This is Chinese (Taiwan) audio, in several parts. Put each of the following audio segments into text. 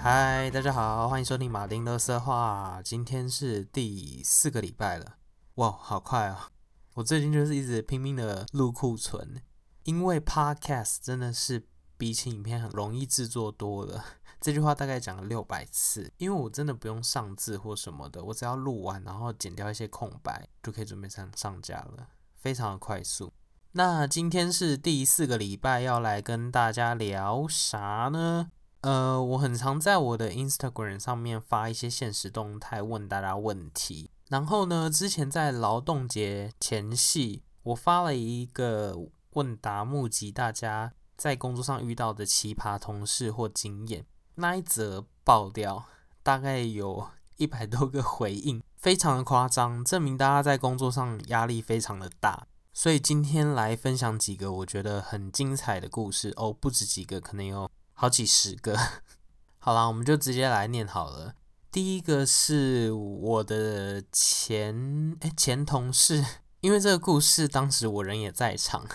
嗨，Hi, 大家好，歡迎收聽馬丁垃圾話。今天是第四個禮拜了，哇，好快啊，哦！我最近就是一直拼命的錄庫存，因為 podcast 真的是比起影片很容易製作多了。這句話大概講了六百次，因為我真的不用上字或什麼的，我只要錄完然後剪掉一些空白就可以準備上上架了，非常的快速。那今天是第四個禮拜，要來跟大家聊啥呢？呃，我很常在我的 Instagram 上面，發一些限時動態，問大家問題。然後呢，之前在勞動節前夕，我發了一個問答，募集大家在工作上遇到的奇葩同事或經驗。那一則爆掉，大概有一百多個回應，非常的誇張，證明大家在工作上壓力非常的大。所以今天來分享幾個我覺得很精彩的故事哦，不止幾個，可能有好幾十個， 好啦，我們就直接來念好了。第一個是我的前、欸、前同事，因為這個故事當時我人也在場。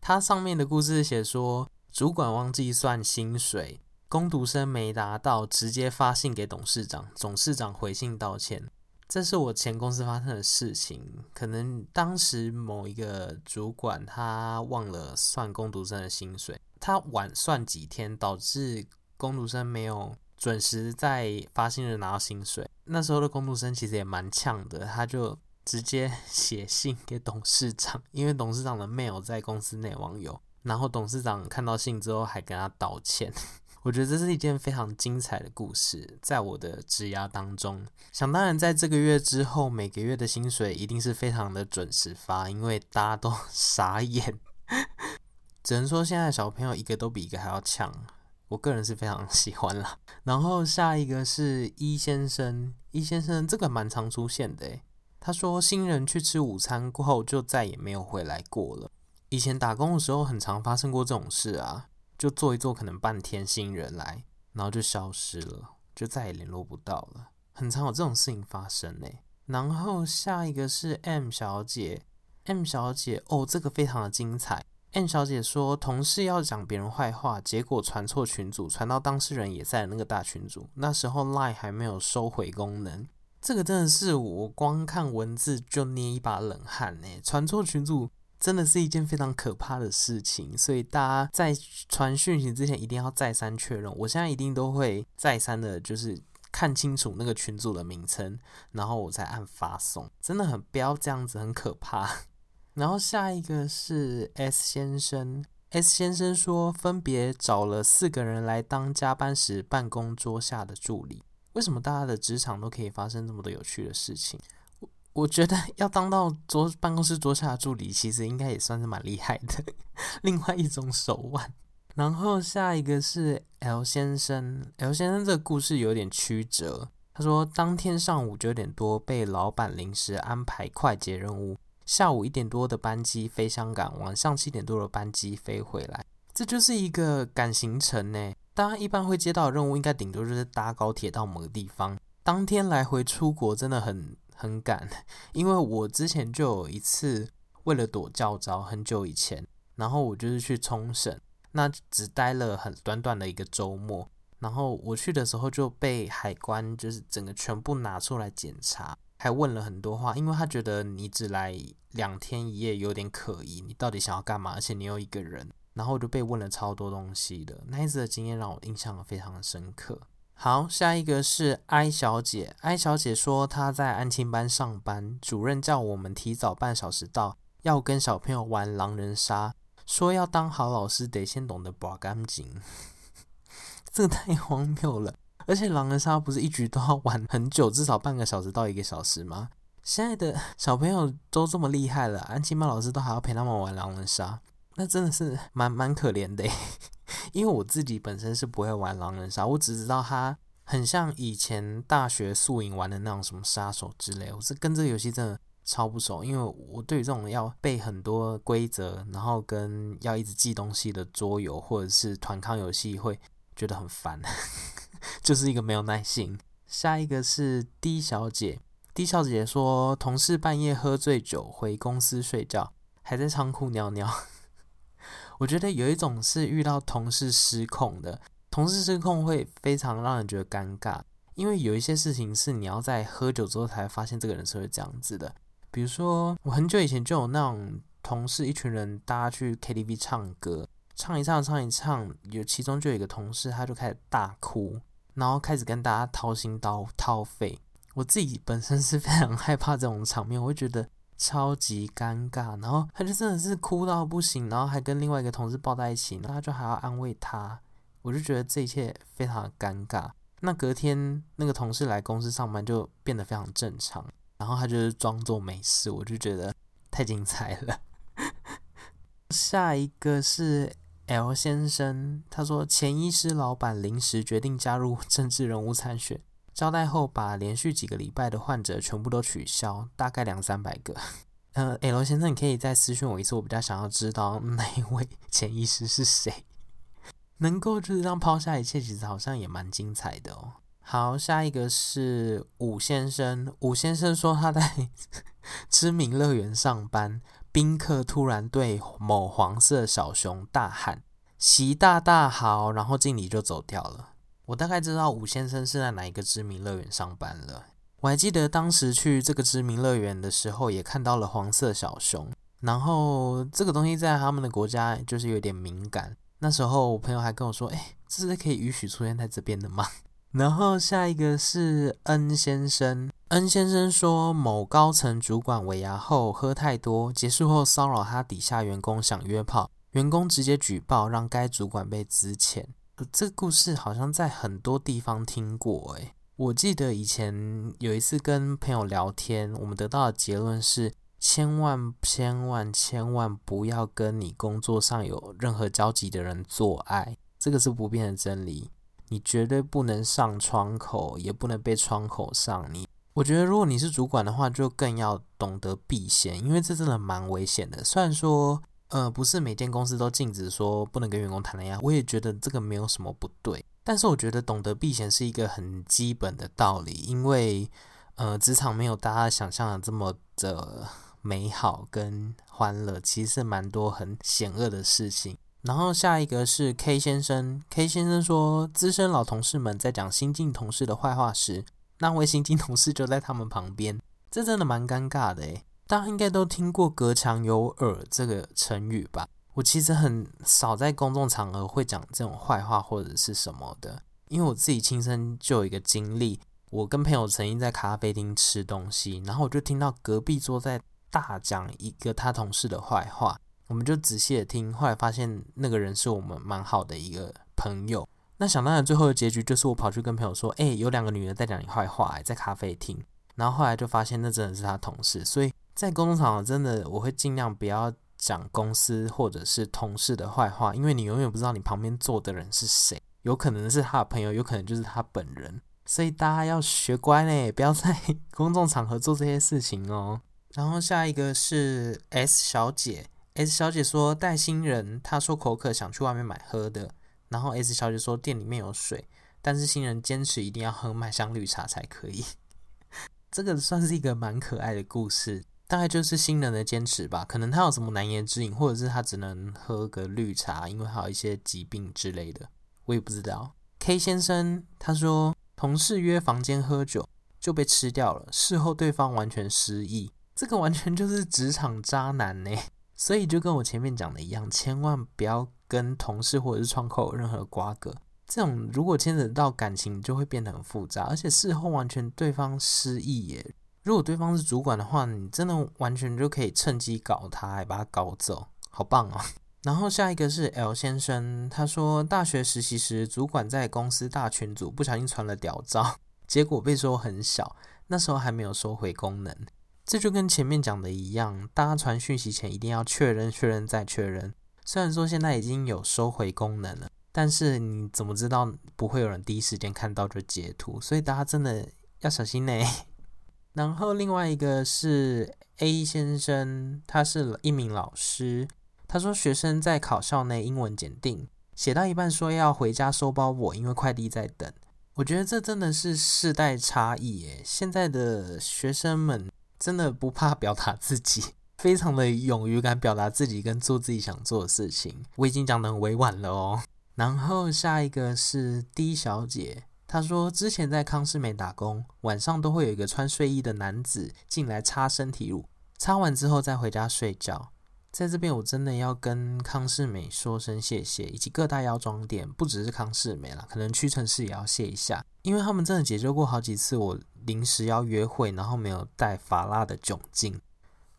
他上面的故事寫說，主管忘記算薪水，工讀生沒拿到，直接發信給董事長，董事長回信道歉。這是我前公司發生的事情，可能當時某一個主管他忘了算工讀生的薪水。他晚算幾天，導致工讀生沒有準時在發薪日拿到薪水。那時候的工讀生其實也蠻嗆的，他就直接寫信給董事長，因為董事長的 mail 在公司內網有。然後董事長看到信之後還跟他道歉。 我覺得這是一件非常精彩的故事，在我的職涯當中。想當然，在這個月之後，每個月的薪水一定是非常的準時發，因為大家都傻眼。 只能說現在小朋友一個都比一個還要強，我個人是非常喜歡啦，然後下一個是一先生，一先生這個蠻常出現的誒，他說新人去吃午餐過後就再也沒有回來過了。以前打工的時候很常發生過這種事啊，就坐一坐可能半天新人來，然後就消失了，就再也聯絡不到了，很常有這種事情發生誒。然後下一個是 M 小姐，M 小姐哦，這個非常的精彩。燕小姐說，同事要講別人壞話，結果傳錯群組，傳到當事人也在那個大群組。那時候 Line 還沒有收回功能，這個真的是我光看文字就捏一把冷汗耶。傳錯群組真的是一件非常可怕的事情，所以大家在傳訊息之前一定要再三確認。我現在一定都會再三的，就是看清楚那個群組的名稱，然後我再按發送。真的很不要這樣子，很可怕。然後下一個是 S 先生，S 先生說，分別找了四個人來當加班時辦公桌下的助理。為什麼大家的職場都可以發生這麼多有趣的事情？我我覺得要當到桌辦公室桌下的助理，其實應該也算是蠻厲害的， 另外一種手腕。然後下一個是 L 先生，L 先生這個故事有點曲折。他說，當天上午九點多被老闆臨時安排快捷任務。下午一點多的班機飛香港，晚上七點多的班機飛回來，這就是一個趕行程呢。大家一般會接到任務，應該頂多就是搭高鐵到某個地方，當天來回出國真的很很趕。因為我之前就有一次為了躲教召，很久以前，然後我就是去沖繩，那只待了很短短的一個週末，然後我去的時候就被海關就是整個全部拿出來檢查。還問了很多話，因為他覺得你只來兩天一夜有點可疑，你到底想要幹嘛？而且你又一個人，然後我就被問了超多東西的。那一次的經驗讓我印象非常的深刻。好，下一個是艾小姐，艾小姐說她在安親班上班，主任叫我們提早半小時到，要跟小朋友玩狼人殺，說要當好老師得先懂得把乾淨， 這太荒謬了。而且狼人殺不是一局都要玩很久，至少半個小時到一個小時嗎？現在的小朋友都這麼厲害了，安琪瑪老師都還要陪他們玩狼人殺，那真的是蠻蠻可憐的。 因為我自己本身是不會玩狼人殺，我只知道他很像以前大學宿營玩的那種什麼殺手之類。我是跟這個遊戲真的超不熟，因為我對於這種要背很多規則，然後跟要一直記東西的桌遊或者是團康遊戲會覺得很煩。 就是一個沒有耐心。下一個是 D 小姐，D 小姐說，同事半夜喝醉酒回公司睡覺，還在倉庫尿尿。 我覺得有一種是遇到同事失控的，同事失控會非常讓人覺得尷尬，因為有一些事情是你要在喝酒之後才發現這個人是會這樣子的。比如說，我很久以前就有那種同事，一群人大家去 KTV 唱歌，唱一唱，唱一唱，有其中就有一個同事，他就開始大哭。然後開始跟大家掏心掏掏肺，我自己本身是非常害怕這種場面，我會覺得超級尷尬。然後他就真的是哭到不行，然後還跟另外一個同事抱在一起，然後他就還要安慰他，我就覺得這一切非常的尷尬。那隔天那個同事來公司上班就變得非常正常，然後他就是裝作沒事，我就覺得太精彩了。 下一個是。L 先生，他說，前醫師老板臨時決定加入政治人物參選，交代後把連續幾個禮拜的患者全部都取消，大概兩三百個。嗯、呃、L 先生，你可以再私信我一次，我比較想要知道哪一位前醫師是誰，能夠就是這樣拋下一切，其實好像也蠻精彩的哦。好，下一個是吳先生，吳先生說他在知名樂園上班。賓客突然對某黃色小熊大喊：“習大大好！”然後經理就走掉了。我大概知道吳先生是在哪一個知名樂園上班了。我還記得當時去這個知名樂園的時候，也看到了黃色小熊。然後這個東西在他們的國家就是有點敏感。那時候我朋友還跟我說：“誒、欸，這是可以允許出現在這邊的嗎？”然後下一個是恩先生。恩先生說，某高層主管尾牙後喝太多，結束後騷擾他底下員工，想約炮，員工直接舉報，讓該主管被資遣。呃，這故事好像在很多地方聽過。欸，我記得以前有一次跟朋友聊天，我們得到的結論是：千萬千萬千萬不要跟你工作上有任何交集的人做愛，這個是不變的真理。你絕對不能上窗口，也不能被窗口上你。我覺得，如果你是主管的話，就更要懂得避嫌，因為這真的蠻危險的。雖然說，呃，不是每間公司都禁止說不能跟員工談戀愛，我也覺得這個沒有什麼不對。但是，我覺得懂得避嫌是一個很基本的道理，因為，呃，職場沒有大家想象的這麼的美好跟歡樂，其實是蠻多很險惡的事情。然後下一個是 K 先生，K 先生說，資深老同事們在講新進同事的壞話時，那位新進同事就在他們旁邊，這真的蠻尷尬的哎。大家應該都聽過“隔牆有耳”這個成語吧？我其實很少在公眾場合會講這種壞話或者是什麼的，因為我自己親身就有一個經歷，我跟朋友曾經在咖啡廳吃東西，然後我就聽到隔壁桌在大講一個他同事的壞話。我們就仔細的聽，後來發現那個人是我們蠻好的一個朋友。那想當然最後的結局就是我跑去跟朋友說：“哎、欸，有兩個女的在講你壞話、欸，在咖啡廳。”然後後來就發現那真的是他同事。所以在公眾場合，真的我會儘量不要講公司或者是同事的壞話，因為你永遠不知道你旁邊坐的人是誰，有可能是他的朋友，有可能就是他本人。所以大家要學乖嘞、欸，不要在公眾場合做這些事情哦、喔。然後下一個是 S 小姐。S, S 小姐說：“帶新人，她說口渴，想去外面買喝的。然後 S 小姐說店裡面有水，但是新人堅持一定要喝麥香綠茶才可以。 這個算是一個蠻可愛的故事，大概就是新人的堅持吧。可能他有什麼難言之隱，或者是他只能喝個綠茶，因為還有一些疾病之類的，我也不知道。”K 先生他說同事約房間喝酒就被吃掉了，事後對方完全失憶。這個完全就是職場渣男呢、欸。所以就跟我前面講的一樣，千萬不要跟同事或者是窗口有任何瓜葛。這種如果牽扯到感情，就會變得很複雜，而且事後完全對方失憶耶。如果對方是主管的話，你真的完全就可以趁機搞他，還把他搞走，好棒哦。然後下一個是 L 先生，他說大學實習時，主管在公司大群組不小心傳了屌照，結果被說很小，那時候還沒有收回功能。這就跟前面講的一樣，大家傳訊息前一定要確認、確認再確認。雖然說現在已經有收回功能了，但是你怎麼知道不會有人第一時間看到就截圖？所以大家真的要小心呢、欸。 然後另外一個是 A 先生，他是一名老師，他說，學生在考校內英文檢定，寫到一半說要回家收包裹，我因為快遞在等。我覺得這真的是世代差異誒、欸，現在的學生們。真的不怕表達自己，非常的勇於敢表達自己跟做自己想做的事情。我已經講得很委婉了哦。然後下一個是 D 小姐，她說之前在康是美打工，晚上都會有一個穿睡衣的男子進來擦身體乳，擦完之後再回家睡覺。在這邊我真的要跟康是美說聲謝謝，以及各大藥妝店，不只是康是美了，可能屈臣氏也要謝一下，因為他們真的解救過好幾次我。臨時要約會，然後沒有帶髮蠟的窘境。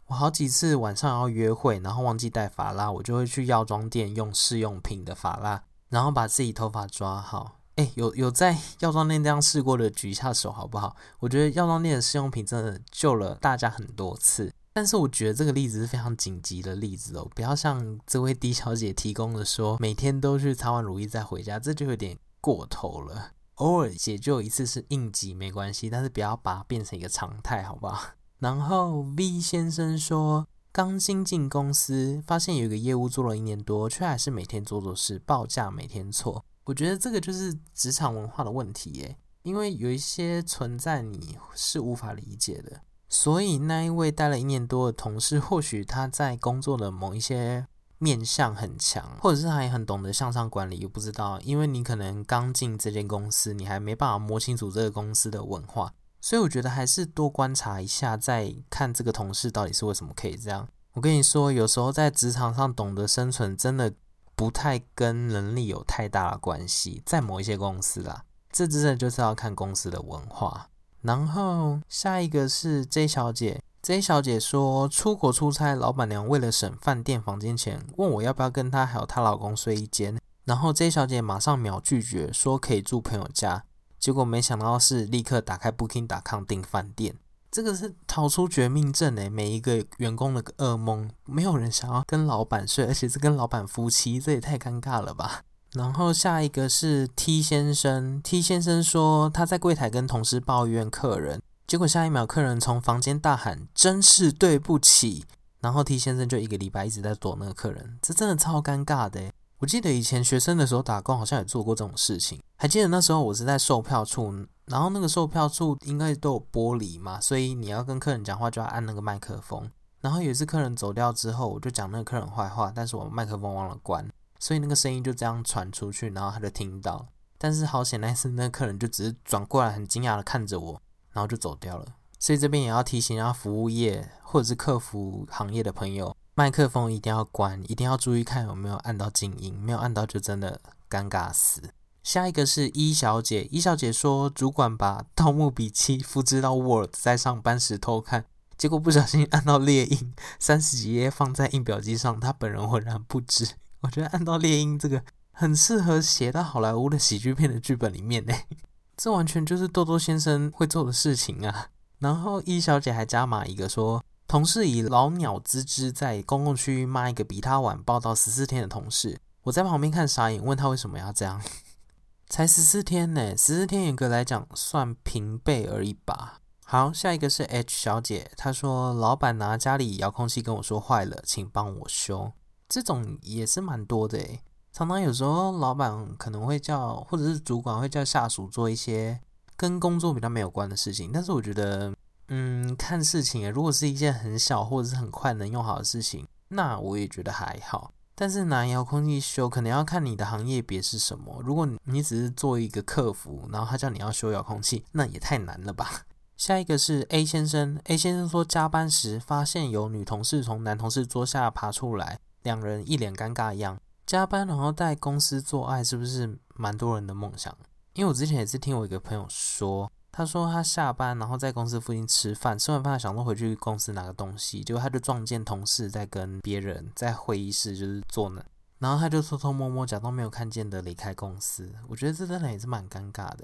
我好幾次晚上要約會，然後忘記帶髮蠟，我就會去藥妝店用試用品的髮蠟，然後把自己頭髮抓好。誒，有有在藥妝店這樣試過的舉一下手好不好？我覺得藥妝店的試用品真的救了大家很多次，但是我覺得這個例子是非常緊急的例子哦，不要像這位 D 小姐提供的說，每天都去擦完乳液再回家，這就有點過頭了。偶爾解救一次是應急沒關係，但是不要把它變成一個常態，好不好？然後 V 先生說，剛新進公司，發現有一個業務做了一年多，卻還是每天做錯事，報價每天錯。我覺得這個就是職場文化的問題耶，因為有一些存在你是無法理解的。所以那一位待了一年多的同事，或許他在工作的某一些面相很強，或者是他也很懂得向上管理，又不知道，因為你可能剛進這間公司，你還沒辦法摸清楚這個公司的文化，所以我覺得還是多觀察一下，再看這個同事到底是為什麼可以這樣。我跟你說，有時候在職場上懂得生存，真的不太跟能力有太大的關係，在某一些公司啦，這真的就是要看公司的文化。然後下一個是 J 小姐。J 小姐說，出國出差，老闆娘為了省飯店房間錢，問我要不要跟她還有她老公睡一間。然後 J 小姐馬上秒拒絕，說可以住朋友家。結果沒想到是立刻打開 Booking 打抗訂飯店。這個是逃出絕命鎮誒，每一個員工的噩夢。沒有人想要跟老闆睡，而且是跟老闆夫妻，這也太尷尬了吧。然後下一個是 T 先生，T 先生說他在櫃台跟同事抱怨客人。結果下一秒，客人從房間大喊：“真是對不起！”然後 T 先生就一個禮拜一直在躲那個客人，這真的超尷尬的耶。我記得以前學生的時候打工，好像也做過這種事情。還記得那時候我是在售票處，然後那個售票處應該都有玻璃嘛，所以你要跟客人講話就要按那個麥克風。然後有一次客人走掉之後，我就講那個客人壞話，但是我麥克風忘了關，所以那個聲音就這樣傳出去，然後他就聽到。但是好險，那次那個客人就只是轉過來，很驚訝的看着我。然後就走掉了，所以這邊也要提醒一下、啊、服務業或者是客服行業的朋友，麥克風一定要關，一定要注意看有沒有按到靜音，沒有按到就真的尷尬死。下一個是伊小姐，伊小姐說，主管把《盜墓筆記》複製到 Word，在上班時偷看，結果不小心按到列印，三十幾頁放在印表機上，她本人渾然不知。我覺得按到列印這個很適合寫到好萊塢的喜劇片的劇本裡面呢。這完全就是豆豆先生會做的事情啊！然後一、e、小姐還加碼一個說，同事以老鳥之姿在公共區域罵一個比他晚報到十四天的同事，我在旁邊看傻眼，問他為什麼要這樣？ 才十四天呢、欸，十四天嚴格來講算平輩而已吧。好，下一個是 H 小姐，她說老闆拿、啊、家裡遙控器跟我說壞了，請幫我修。這種也是蠻多的、欸常常有時候，老闆可能會叫，或者是主管會叫下屬做一些跟工作比較沒有關的事情。但是我覺得，嗯，看事情啊，如果是一件很小或者是很快能用好的事情，那我也覺得還好。但是拿遙控器修，可能要看你的行業別是什麼。如果你，你只是做一個客服，然後他叫你要修遙控器，那也太難了吧？下一個是 A 先生，A 先生說加班時發現有女同事從男同事桌下爬出來，兩人一臉尷尬一樣。加班然後在公司做愛是不是蠻多人的夢想？因為我之前也是聽我一個朋友說，他說他下班然後在公司附近吃飯，吃完飯想說回去公司拿個東西，結果他就撞見同事在跟別人在會議室就是坐那，然後他就偷偷摸摸假裝沒有看見的離開公司。我覺得這真的也是蠻尷尬的誒。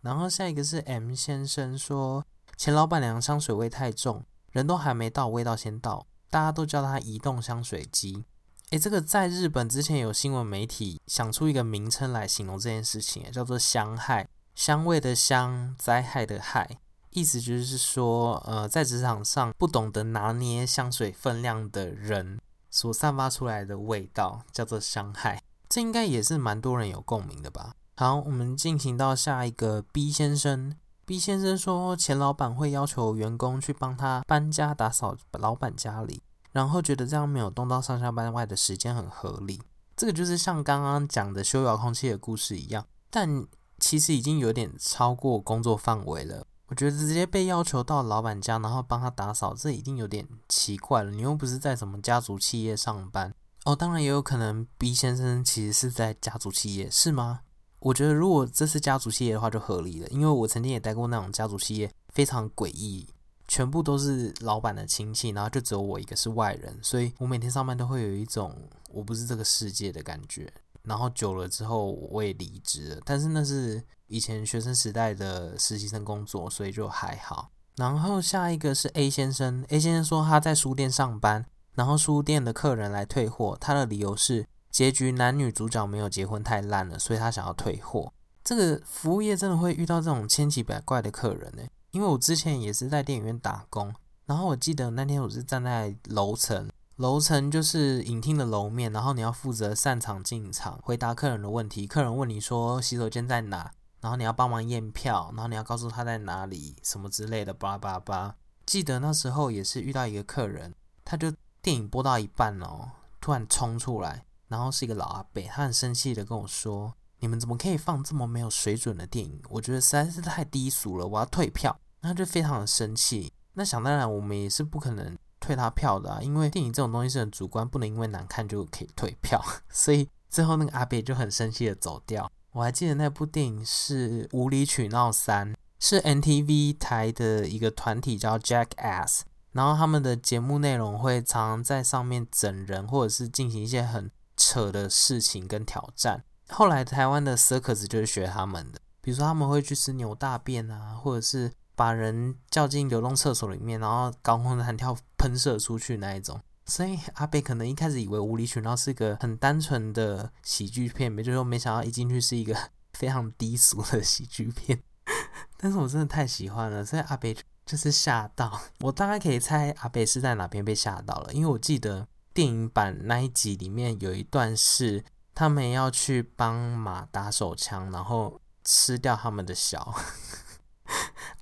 然後下一個是 M 先生說，前老闆娘香水味太重，人都還沒到，味道先到，大家都叫他移動香水機。誒、欸，這個在日本之前有新聞媒體想出一個名稱來形容這件事情，叫做“香害”，香味的香，災害的害，意思就是說，呃，在職場上不懂得拿捏香水分量的人所散發出來的味道叫做“香害”，這應該也是蠻多人有共鳴的吧？好，我們進行到下一個 B 先生，B 先生說，前老闆會要求員工去幫他搬家、打掃老闆家裡。然後覺得這樣沒有動到上下班外的時間很合理，這個就是像剛剛講的修遙控器的故事一樣，但其實已經有點超過工作範圍了。我覺得直接被要求到老板家，然後幫他打掃，這一定有點奇怪了。你又不是在什麼家族企業上班？哦，當然也有可能 B 先生其實是在家族企業，是嗎？我覺得如果這是家族企業的話就合理了，因為我曾經也待過那種家族企業，非常詭異。全部都是老板的親戚，然後就只有我一個是外人，所以我每天上班都會有一種我不是這個世界的感覺。然後久了之後，我也離職了。但是那是以前學生時代的實習生工作，所以就還好。然後下一個是 A 先生，A 先生說他在書店上班，然後書店的客人來退貨，他的理由是結局男女主角沒有結婚太爛了，所以他想要退貨。這個服務業真的會遇到這種千奇百怪的客人呢、欸。因為我之前也是在電影院打工，然後我記得那天我是站在樓層，樓層就是影廳的樓面，然後你要負責散場進場，回答客人的問題。客人問你說洗手間在哪，然後你要幫忙驗票，然後你要告訴他在哪裡，什麼之類的巴拉巴拉。記得那時候也是遇到一個客人，他就電影播到一半哦，突然衝出來，然後是一個老阿伯，他很生氣的跟我說：“你們怎麼可以放這麼沒有水準的電影？我覺得實在是太低俗了，我要退票。”他就非常的生氣，那想當然我們也是不可能退他票的啊，因為電影這種東西是很主觀，不能因為難看就可以退票。所以最後那個阿北就很生氣的走掉。我還記得那部電影是《無理取鬧三》，是 MTV 台的一個團體叫 Jackass，然後他們的節目內容會常常在上面整人，或者是進行一些很扯的事情跟挑戰。後來台灣的 Circus 就是學他們的，比如說他們會去吃牛大便啊，或者是。把人叫進流動廁所裡面，然後高空彈跳噴射出去那一種。所以阿北可能一開始以為《無理取鬧》是一個很單純的喜劇片，沒就說、是、沒想到一進去是一個非常低俗的喜劇片。但是我真的太喜歡了，所以阿北就是嚇到。我大概可以猜阿北是在哪邊被嚇到了？因為我記得電影版那一集裡面有一段是他們要去幫馬打手槍，然後吃掉他們的小。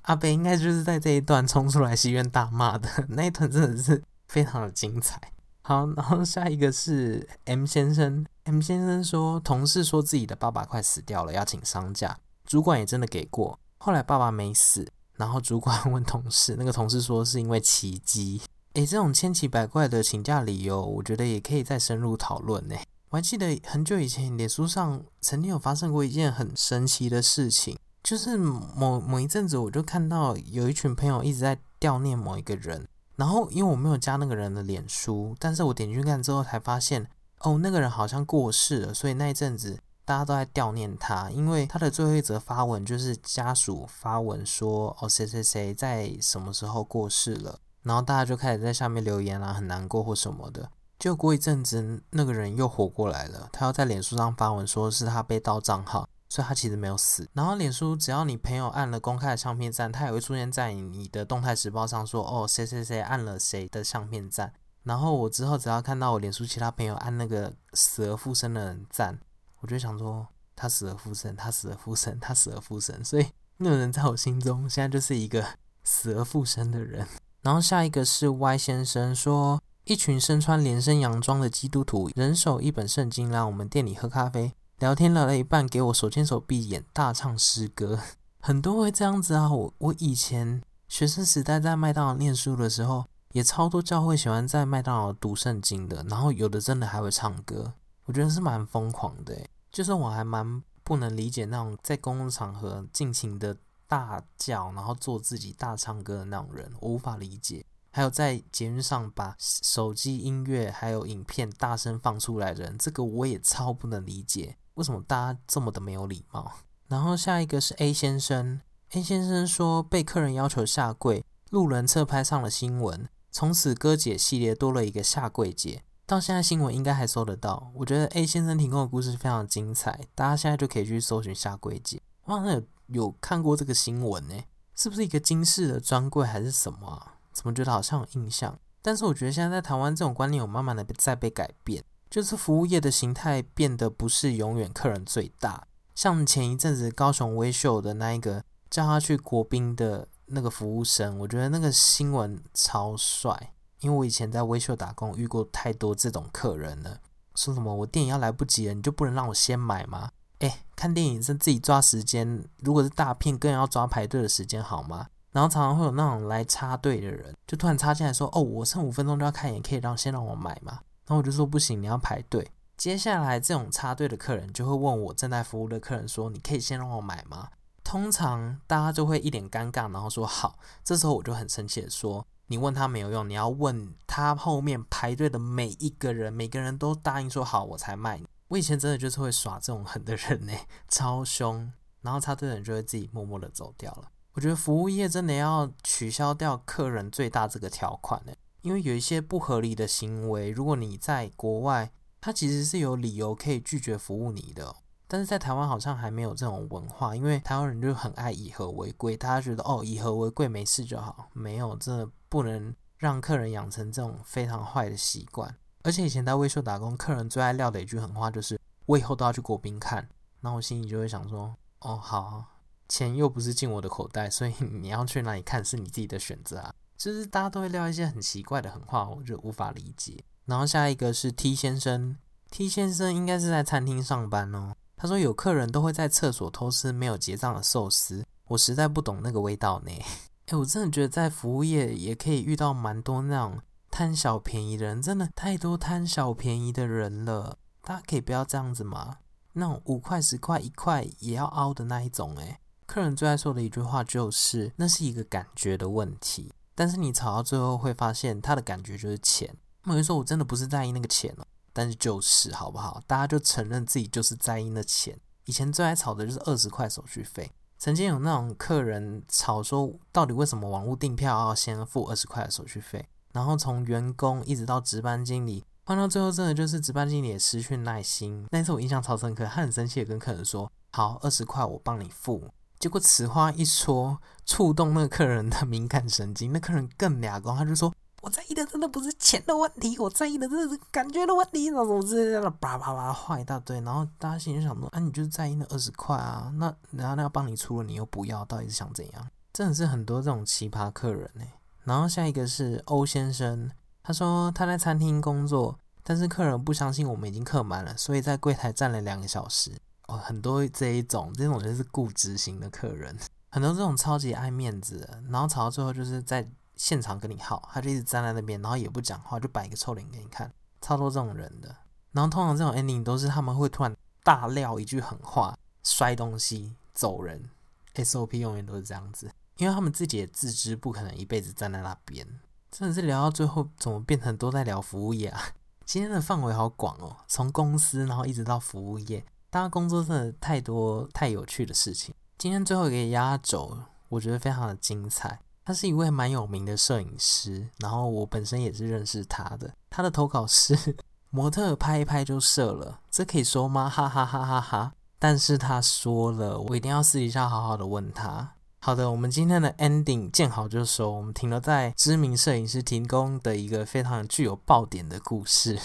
阿北應該就是在這一段衝出來戲院大罵的那一段，真的是非常的精彩。好，然後下一個是 M 先生，M 先生說同事說自己的爸爸快死掉了，要請喪假，主管也真的給過。後來爸爸沒死，然後主管問同事，那個同事說是因為奇蹟。誒，這種千奇百怪的請假理由，我覺得也可以再深入討論誒。我還記得很久以前，臉書上曾經有發生過一件很神奇的事情。就是某某一陣子，我就看到有一群朋友一直在悼念某一個人，然後因為我沒有加那個人的臉書，但是我點進去看之後才發現，哦，那個人好像過世了，所以那一陣子大家都在悼念他，因為他的最後一則發文就是家屬發文說，哦，誰誰誰在什麼時候過世了，然後大家就開始在下面留言啦、啊，很難過或什麼的。就過一陣子，那個人又活過來了，他要在臉書上發文說，是他被盜賬號。所以他其實沒有死。然後臉書，只要你朋友按了公開的相片讚，他也會出現在你的動態時報上說，說哦誰誰誰按了誰的相片讚。然後我之後只要看到我臉書其他朋友按那個死而復生的人讚，我就會想說他死,他死而復生，他死而復生，他死而復生。所以那個人在我心中現在就是一個死而復生的人。然後下一個是 Y 先生說，一群身穿連身洋裝的基督徒，人手一本聖經，來我們店裡喝咖啡。聊天聊了一半，給我手牽手閉眼大唱詩歌， 很多會這樣子啊。我我以前學生時代在麥當勞念書的時候，也超多教會喜歡在麥當勞讀聖經的，然後有的真的還會唱歌，我覺得是蠻瘋狂的。就算，是，我還蠻不能理解那種在公共場合盡情的大叫，然後做自己大唱歌的那種人，我無法理解。還有在捷運上把手機音樂還有影片大聲放出來的人，這個我也超不能理解。為什麼大家這麼的沒有禮貌？然後下一個是 A 先生，A 先生說被客人要求下跪，路人側拍上了新聞。從此哥姐系列多了一個下跪姐。到現在新聞應該還搜得到。我覺得 A 先生提供的故事非常精彩，大家現在就可以去搜尋下跪姐。哇，那有有看過這個新聞呢、欸？是不是一個金飾的專櫃還是什麼、啊？怎麼覺得好像有印象？但是我覺得現在在台灣這種觀念有慢慢的在被改變。就是服務業的形態變得不是永遠客人最大，像前一陣子高雄威秀的那一個叫他去國賓的那個服務生，我覺得那個新聞超帥，因為我以前在威秀打工遇過太多這種客人了，說什麼我電影要來不及了，你就不能讓我先買嗎？哎、欸，看電影是自己抓時間，如果是大片更要抓排隊的時間好嗎？然後常常會有那種來插隊的人，就突然插進來說，哦，我剩五分鐘就要看，也可以讓先讓我買嗎？然後我就說不行，你要排隊。接下來這種插隊的客人就會問我正在服務的客人說：“你可以先讓我買嗎？”通常大家就會一臉尷尬，然後說好。這時候我就很生氣的說：“你問他沒有用，你要問他後面排隊的每一個人，每個人都答應說好我才賣你。”我以前真的就是會耍這種狠的人呢，超凶。然後插隊的人就會自己默默的走掉了。我覺得服務業真的要取消掉客人最大這個條款呢。因為有一些不合理的行為，如果你在國外，他其實是有理由可以拒絕服務你的。但是在台灣好像還沒有這種文化，因為台灣人就很愛以和為貴，大家覺得哦，以和為貴沒事就好，沒有這不能讓客人養成這種非常壞的習慣。而且以前在威秀打工，客人最愛撂的一句狠話就是「我以後都要去國賓看」，那我心裡就會想說哦好，錢又不是進我的口袋，所以你要去哪裡看是你自己的選擇啊。就是大家都會撂一些很奇怪的狠話，我就無法理解。然後下一個是 T 先生，T 先生應該是在餐廳上班哦。他說有客人都會在廁所偷吃沒有結賬的壽司，我實在不懂那個味道呢。哎、 欸，我真的覺得在服務業也可以遇到蠻多那種貪小便宜的人，真的太多貪小便宜的人了。大家可以不要這樣子嘛，那種五塊十塊一塊也要凹的那一種、欸。哎，客人最愛說的一句話就是那是一個感覺的問題。但是你吵到最後會發現，他的感覺就是錢。有人說我真的不是在意那個錢了喔，但是就是好不好？大家就承認自己就是在意那錢。以前最愛吵的就是二十塊手續費。曾經有那種客人吵說，到底為什麼網絡訂票要先付二十塊的手續費？然後從員工一直到值班經理，換到最後真的就是值班經理也失去耐心。那一次我印象超深刻，他很生氣的跟客人說：“好，二十塊我幫你付。”結果此話一說，觸動那個客人的敏感神經，那客人更牙關，他就說：“我在意的真的不是錢的問題，我在意的真的是感覺的問題。”然後我直接在那叭叭叭畫一大堆，然後大家心裡想說：“啊，你就是在意那二十塊啊？那然後他要幫你出了，你又不要，到底是想怎樣？”真的是很多這種奇葩客人哎、欸。然後下一個是歐先生，他說他在餐廳工作，但是客人不相信我們已經客滿了，所以在櫃台站了兩個小時。哦，很多這一種，這種就是固執型的客人，很多這種超級愛面子的，然後吵到最後就是在現場跟你耗，他就一直站在那邊，然後也不講話，就擺一個臭臉給你看，超多這種人的。然後通常這種 ending 都是他們會突然大撂一句狠話，摔東西走人，SOP 永遠都是這樣子，因為他們自己也自知不可能一輩子站在那邊。真的是聊到最後，怎麼變成都在聊服務業啊？今天的範圍好廣哦，從公司然後一直到服務業。他工作真的太多太有趣的事情，今天最後一個壓軸，我覺得非常的精彩。他是一位蠻有名的攝影師，然後我本身也是認識他的。他的投稿是模特拍一拍就射了，這可以說嗎？哈哈哈哈哈哈！但是他說了，我一定要私底下好好的問他。好的，我們今天的 ending 見好就收，我們停留在知名攝影師提供的一個非常具有爆點的故事。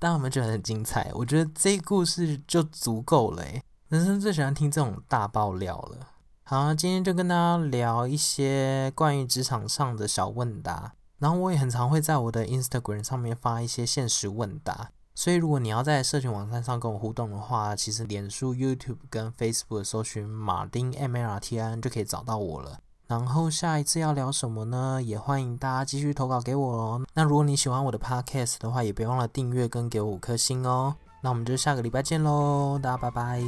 但我們覺得很精彩，我覺得這故事就足夠了。人生最喜歡聽這種大爆料了。好，今天就跟大家聊一些關於職場上的小問答。然後我也很常會在我的 Instagram 上面發一些現實問答，所以如果你要在社群網站上跟我互動的話，其實臉書、YouTube 跟 Facebook 搜尋“馬丁 MRTN” 就可以找到我了。然後下一次要聊什麼呢？也歡迎大家繼續投稿給我哦。那如果你喜歡我的 podcast 的話，也別忘了訂閱跟給我五顆星哦。那我們就下個禮拜見嘍，大家拜拜。